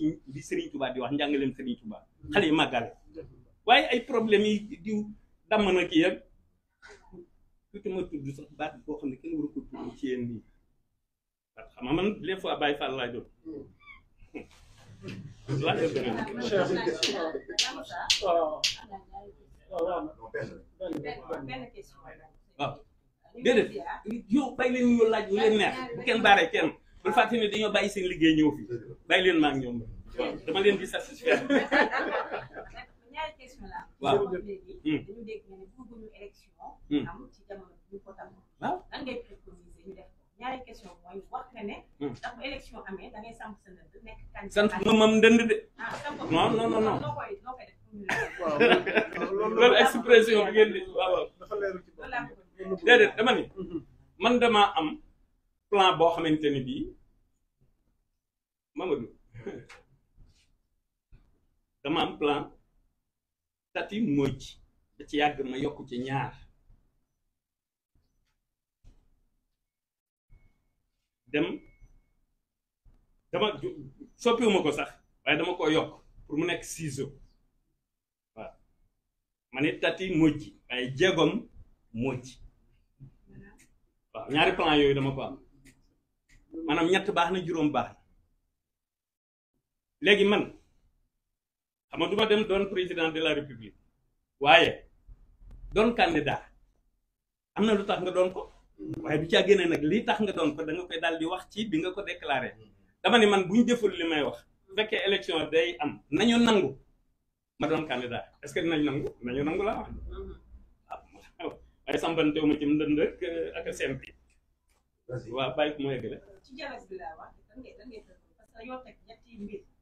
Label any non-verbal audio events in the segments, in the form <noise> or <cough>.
li Serigne Touba di wax njàngaleem Serigne Touba xale yi màggale waaye ay problème yi diw damm na kii yëpp tuuti ma tudd sax baat boo xam ne kenn waru ko tudd laa jot waaw déedéet bu kenn baaree kenn bul fàtte ne dañoo bàyyi seen liggéey ñëw fii bàyyi leen maa ngi ñoom dama leen di satisfaire. ñaari waaw léegi. Hmm. dañu dégg ne hmm. hmm. ndënd sant ma mam ndënd de. ah samp non non non <laughs> expression bi ngeen di waaw waaw. dama ni. man damaa am plan boo xamante ni bii. Mamadou dama am plan tati moj da ci yàgg ma yokk ci ñaar dem dama soppiwuma ko sax waaye dama ko yokk pour mu nekk ciseau waaw ma ne tati moj waaye jéegom moj waa ñaari plan yooyu dama ko am maanaam ñett baax na juróom baax léegi man xam du ma dem doon président de la république waaye doon candidat am na lu tax nga doon ko waaye du caa génne nag lii tax nga doon ko da nga koy daal wax ci bi nga ko déclaré dama ne man bu ñu jëful li may wax bu fekkee élection day am nañu nangu ma doon candidat est nañ que nangu nañu nangu laa wax waaw waaye sambante wu ma ci ndënd ak seen bi waaw bàyyi ko ma yeggale. ci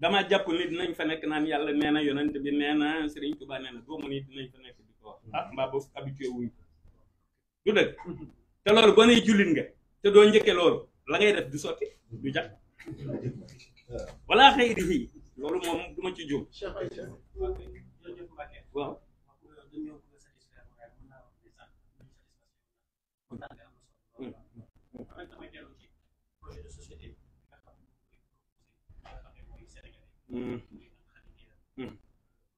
damaa jàpp ni dinañ fa nekk naan yàlla nee na yonent bi nee na Serigne Touba nee na doomu ni dinañ fa nekk di ko wax ah mbaa boobu habitué ko du dëgg te loolu boo nee nga te doo njëkke loolu la ngay def du sotti du jax <laughs> wala xëy di loolu moom du ma ci jóg Mm. Mm.